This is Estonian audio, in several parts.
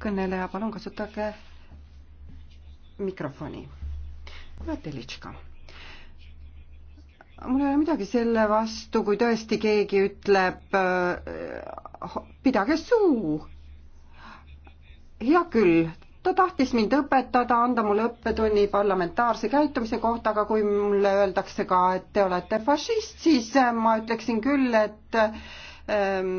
kõneleja, palun kasutage mikrofoni. Telitška mul ei ole midagi selle vastu, kui tõesti keegi ütleb äh,, pidage suu. hea küll, ta tahtis mind õpetada, anda mulle õppetunni parlamentaarse käitumise kohta, aga kui mulle öeldakse ka, et te olete fašist, siis äh, ma ütleksin küll, et äh,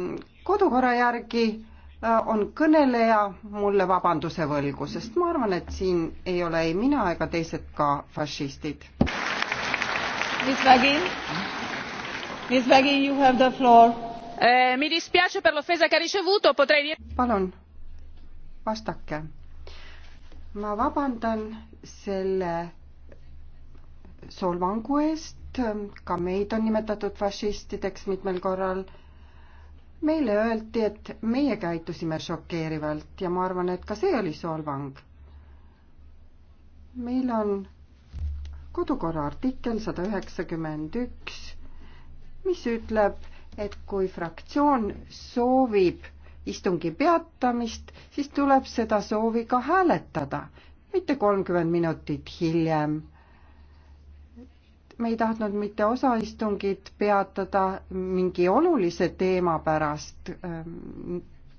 kodukorra järgi äh, Äh, on kõneleja mulle vabanduse võlgu, sest ma arvan, et siin ei ole ei mina ega teised ka fašistid. Miss Vagin, Miss Vagin, you have the floor eh,. Mi dispiace per l'offesa che ha ricevuto, potrei dire. palun, vastake. ma vabandan selle solvangu eest, ka meid on nimetatud fašistideks mitmel korral meile öeldi, et meie käitusime šokeerivalt ja ma arvan, et ka see oli solvang. meil on kodukorra artikkel sada üheksakümmend üks, mis ütleb, et kui fraktsioon soovib istungi peatamist, siis tuleb seda soovi ka hääletada, mitte kolmkümmend minutit hiljem me ei tahtnud mitte osaistungit peatada mingi olulise teema pärast.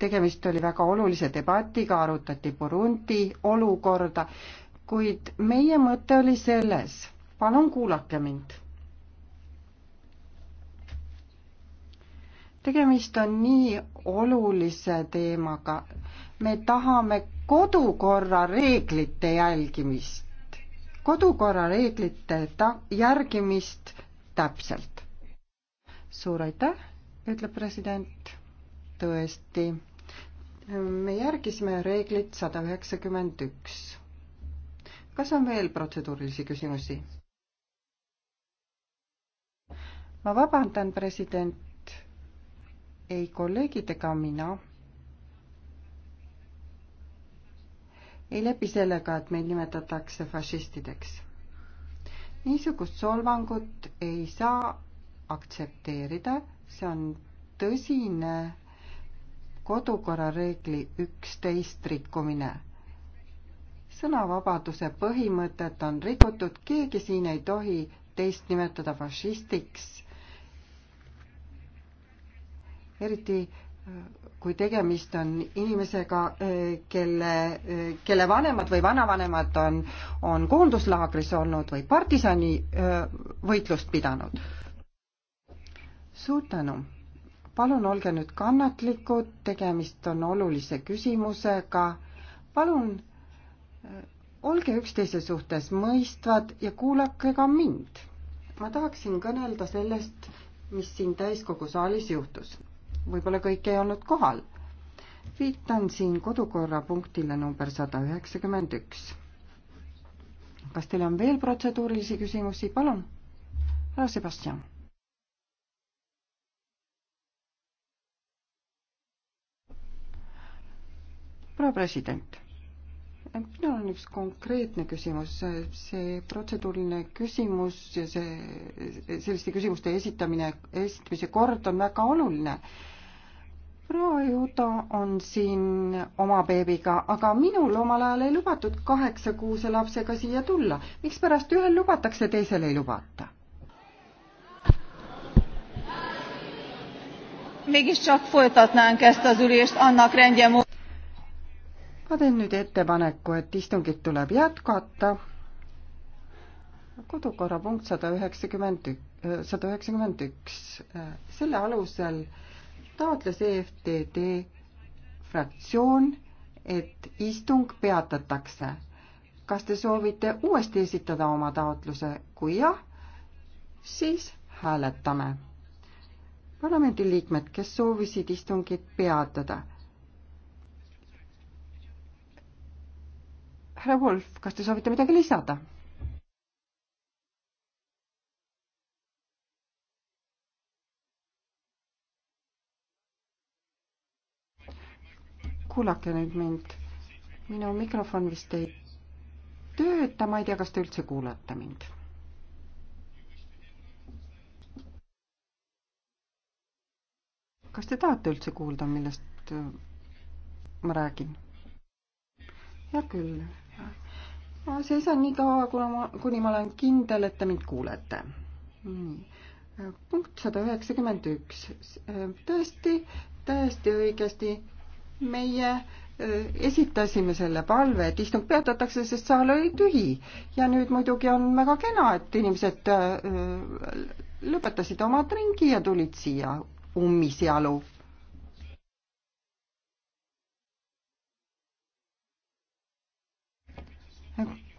tegemist oli väga olulise debatiga, arutati Burundi olukorda, kuid meie mõte oli selles, palun kuulake mind. tegemist on nii olulise teemaga, me tahame kodukorra reeglite jälgimist kodukorra reeglite ta-, järgimist täpselt. suur aitäh, ütleb president. tõesti, me järgisime reeglit sada üheksakümmend üks. kas on veel protseduurilisi küsimusi? ma vabandan, president, ei kolleegid ega mina ei lepi sellega, et meid nimetatakse fašistideks. niisugust solvangut ei saa aktsepteerida, see on tõsine kodukorrareegli üksteist rikkumine. sõnavabaduse põhimõtet on rikutud, keegi siin ei tohi teist nimetada fašistiks. eriti kui tegemist on inimesega, kelle, kelle vanemad või vanavanemad on, on koonduslaagris olnud või partisani võitlust pidanud. suur tänu. palun olge nüüd kannatlikud, tegemist on olulise küsimusega. palun olge üksteise suhtes mõistvad ja kuulake ka mind. ma tahaksin kõnelda sellest, mis siin täiskogu saalis juhtus võib-olla kõik ei olnud kohal. viitan siin kodukorra punktile number sada üheksakümmend üks. kas teil on veel protseduurilisi küsimusi, palun, härra Sebastian proua president, minul on üks konkreetne küsimus, see protseduuriline küsimus ja see, selliste küsimuste esitamine, esitamise kord on väga oluline proua Juto on siin oma beebiga, aga minul omal ajal ei lubatud kaheksakuuse lapsega siia tulla. mikspärast ühel lubatakse, teisel ei lubata? mégiscsak folytatnánk ezt az ülést annak rendje Ma teen nüüd ettepaneku, et istungit tuleb jätkata. Kodukorra punkt 191. 191. Selle alusel taotles EFTD fraktsioon, et istung peatatakse. kas te soovite uuesti esitada oma taotluse? kui jah, siis hääletame. parlamendiliikmed, kes soovisid istungit peatada. härra Wolf, kas te soovite midagi lisada? kuulake nüüd mind. minu mikrofon vist ei tööta, ma ei tea, kas te üldse kuulete mind. kas te tahate üldse kuulda, millest äh, ma räägin? hea küll. ma seisan nii kaua, kuna ma, kuni ma olen kindel, et te mind kuulete. nii. punkt sada üheksakümmend üks. tõesti, täiesti õigesti meie esitasime selle palve, et istung peatatakse, sest saal oli tühi ja nüüd muidugi on väga kena, et inimesed lõpetasid oma ringi ja tulid siia ummisjalu.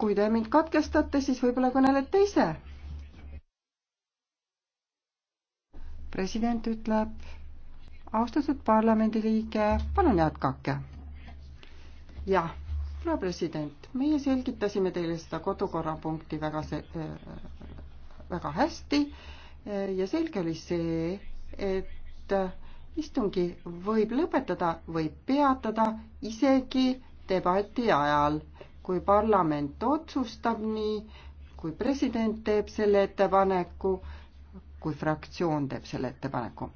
kui te mind katkestate, siis võib-olla kõnelete ise. president ütleb austatud parlamendiliige, palun jätkake. jah, proua president, meie selgitasime teile seda kodukorrapunkti väga se-, äh, väga hästi äh, ja selge oli see, et äh, istungi võib lõpetada, võib peatada isegi debati ajal, kui parlament otsustab nii, kui president teeb selle ettepaneku, kui fraktsioon teeb selle ettepaneku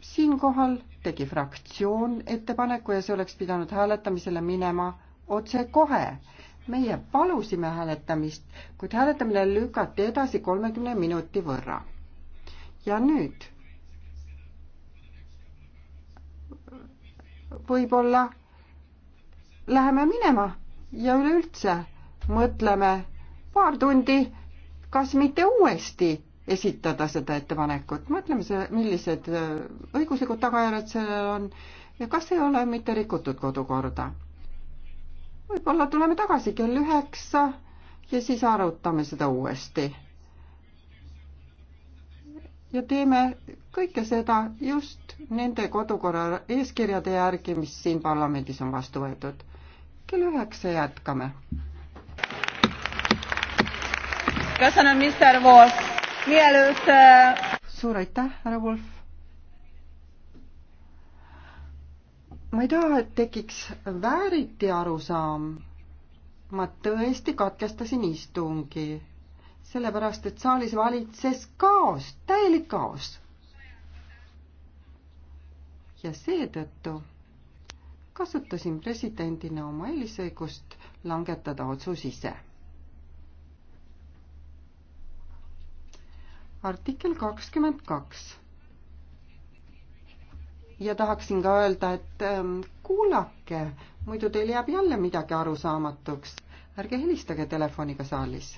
siinkohal tegi fraktsioon ettepaneku ja see oleks pidanud hääletamisele minema otsekohe. meie palusime hääletamist, kuid hääletamine lükati edasi kolmekümne minuti võrra. ja nüüd võib-olla läheme minema ja üleüldse mõtleme paar tundi, kas mitte uuesti esitada seda ettepanekut. mõtleme, millised äh, õiguslikud tagajärjed sellel on ja kas ei ole mitte rikutud kodukorda. võib-olla tuleme tagasi kell üheksa ja siis arutame seda uuesti. ja teeme kõike seda just nende kodukorra eeskirjade järgi, mis siin parlamendis on vastu võetud. kell üheksa jätkame. kas on, on minister Voos? mielőtt... Äh, suur aitäh, härra Wolf. ma ei taha, et tekiks vääriti arusaam. ma tõesti katkestasin istungi, sellepärast et saalis valitses kaos, täielik kaos. ja seetõttu kasutasin presidendina oma eelisõigust langetada otsus ise artikkel kakskümmend kaks. ja tahaksin ka öelda, et ähm, kuulake, muidu teil jääb jälle midagi arusaamatuks. ärge helistage telefoniga saalis.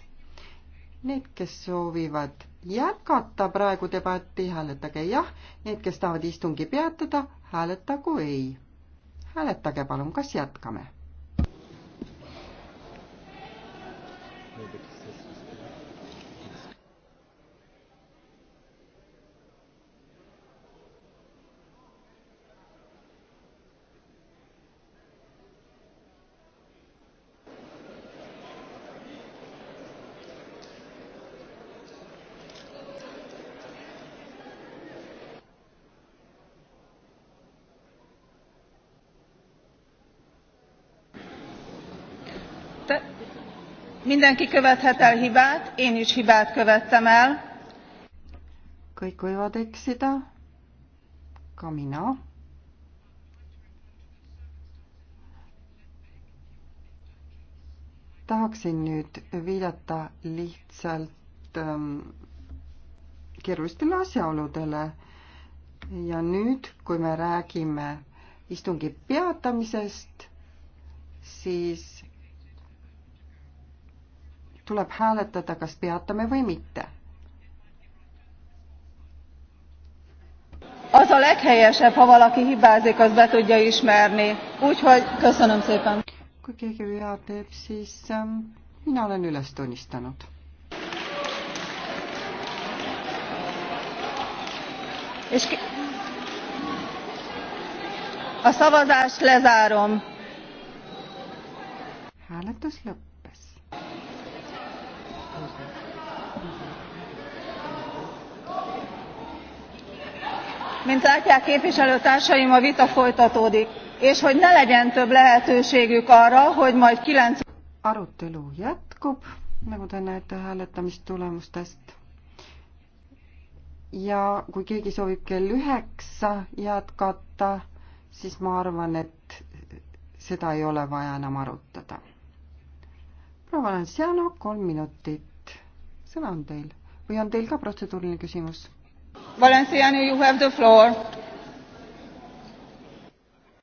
Need, kes soovivad jätkata praegu debatti, hääletage jah, need, kes tahavad istungi peatada, hääletagu ei. hääletage palun, kas jätkame? mindenki követhet el hibát, én is hibát követtem el. Kõik võivad eksida, ka mina. tahaksin nüüd viidata lihtsalt ähm, keerulistele asjaoludele. ja nüüd, kui me räägime istungi peatamisest, siis tuleb hääletada, kas peatame või mitte. Az a leghelyesebb, ha valaki hibázik, az be tudja ismerni. Úgyhogy köszönöm szépen. Kui keegi vea teeb, siis ähm, mina olen üles tunnistanud. És ki... A szavazást lezárom. Hääletus lõpp. mint látják képviselőtársaim a vita folytatódik és hogy ne legyen több lehetőségük arra hogy majd kilenc. arutelu jätkub nagu te näete hääletamistulemustest ja kui keegi soovib kell üheksa jätkata siis ma arvan et seda ei ole vaja enam arutada proua Lanciano kolm minutit sõna on teil või on teil ka protseduuriline küsimus valenciano you have the floor.